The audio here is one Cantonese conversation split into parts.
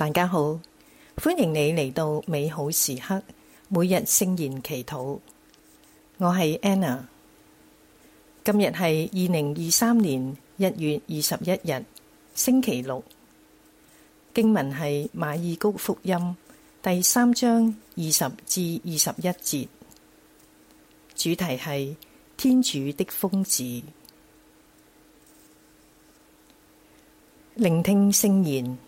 大家好，歡迎你嚟到美好時刻，每日聖言祈禱。Anna。今日係我係 Anna。今日係二零二三年一月二十一日，星期六。經文係馬爾谷福音第三章二十至二十一節，主題係天主的瘋子，聆聽聖言。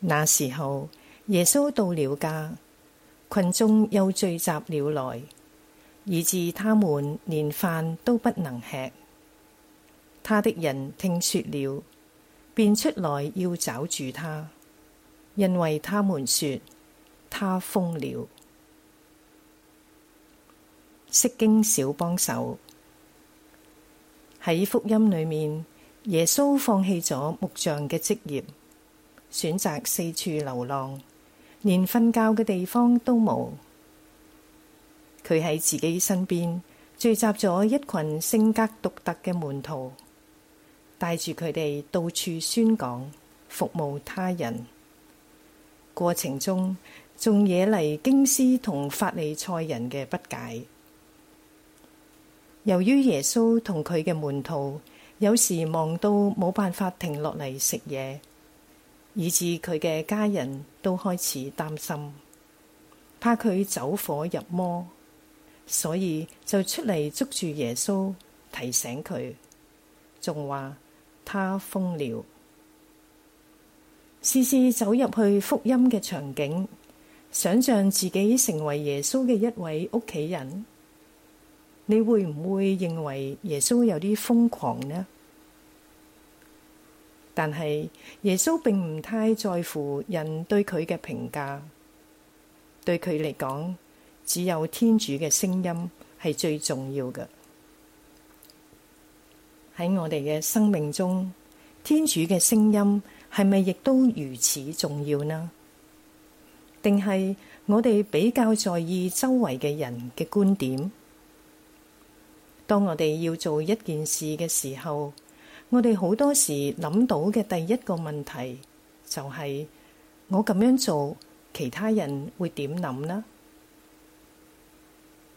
那時候，耶穌到了家，群眾又聚集了來，以致他們連飯都不能吃。他的人聽說了，便出來要抓住他，因為他們說，他瘋了。釋經小幫手，喺福音裏面，耶穌放棄咗木匠嘅職業。選擇四處流浪，連瞓覺嘅地方都冇。佢喺自己身邊聚集咗一群性格獨特嘅門徒，帶住佢哋到處宣講、服務他人。過程中仲惹嚟經師同法利賽人嘅不解。由於耶穌同佢嘅門徒有時忙到冇辦法停落嚟食嘢。以至佢嘅家人都開始擔心，怕佢走火入魔，所以就出嚟捉住耶穌，提醒佢，仲話他瘋了。試試走入去福音嘅場景，想象自己成為耶穌嘅一位屋企人，你會唔會認為耶穌有啲瘋狂呢？但係耶穌並唔太在乎人對佢嘅評價，對佢嚟講，只有天主嘅聲音係最重要嘅。喺我哋嘅生命中，天主嘅聲音係咪亦都如此重要呢？定係我哋比較在意周圍嘅人嘅觀點？當我哋要做一件事嘅時候。我哋好多時諗到嘅第一個問題就係我咁樣做，其他人會點諗呢？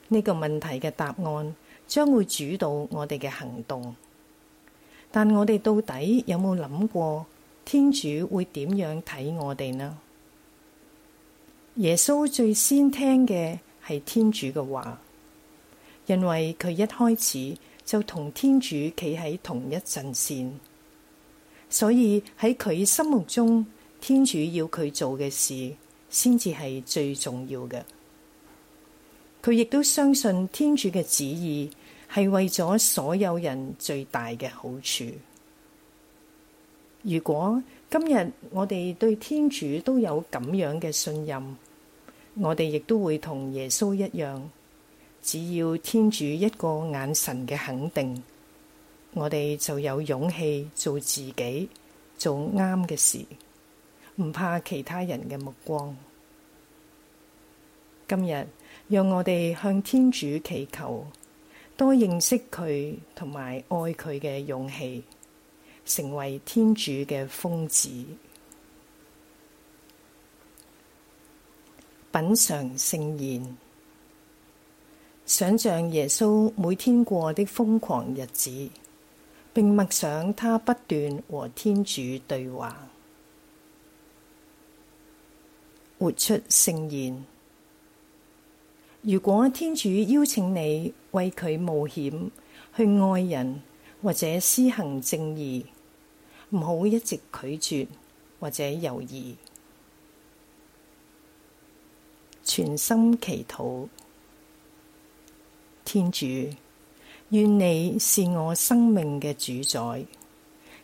呢個問題嘅答案將會主導我哋嘅行動，但我哋到底有冇諗過天主會點樣睇我哋呢？耶穌最先聽嘅係天主嘅話，因為佢一開始就同天主企喺同一陣線，所以喺佢心目中，天主要佢做嘅事，先至係最重要嘅。佢亦都相信天主嘅旨意係為咗所有人最大嘅好處。如果今日我哋對天主都有咁樣嘅信任，我哋亦都會同耶穌一樣。只要天主一個眼神嘅肯定，我哋就有勇氣做自己，做啱嘅事，唔怕其他人嘅目光。今日讓我哋向天主祈求，多認識佢同埋愛佢嘅勇氣，成為天主嘅瘋子，品嘗聖言。想象耶穌每天過的瘋狂日子，並默想他不斷和天主對話，活出聖言。如果天主邀請你為佢冒險去愛人或者施行正義，唔好一直拒絕或者猶豫，全心祈禱。天主，願你是我生命嘅主宰，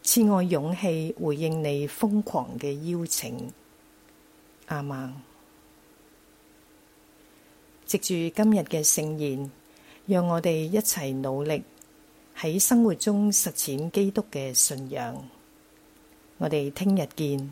賜我勇氣回應你瘋狂嘅邀請。阿們，藉住今日嘅聖言，讓我哋一齊努力喺生活中實踐基督嘅信仰。我哋聽日見。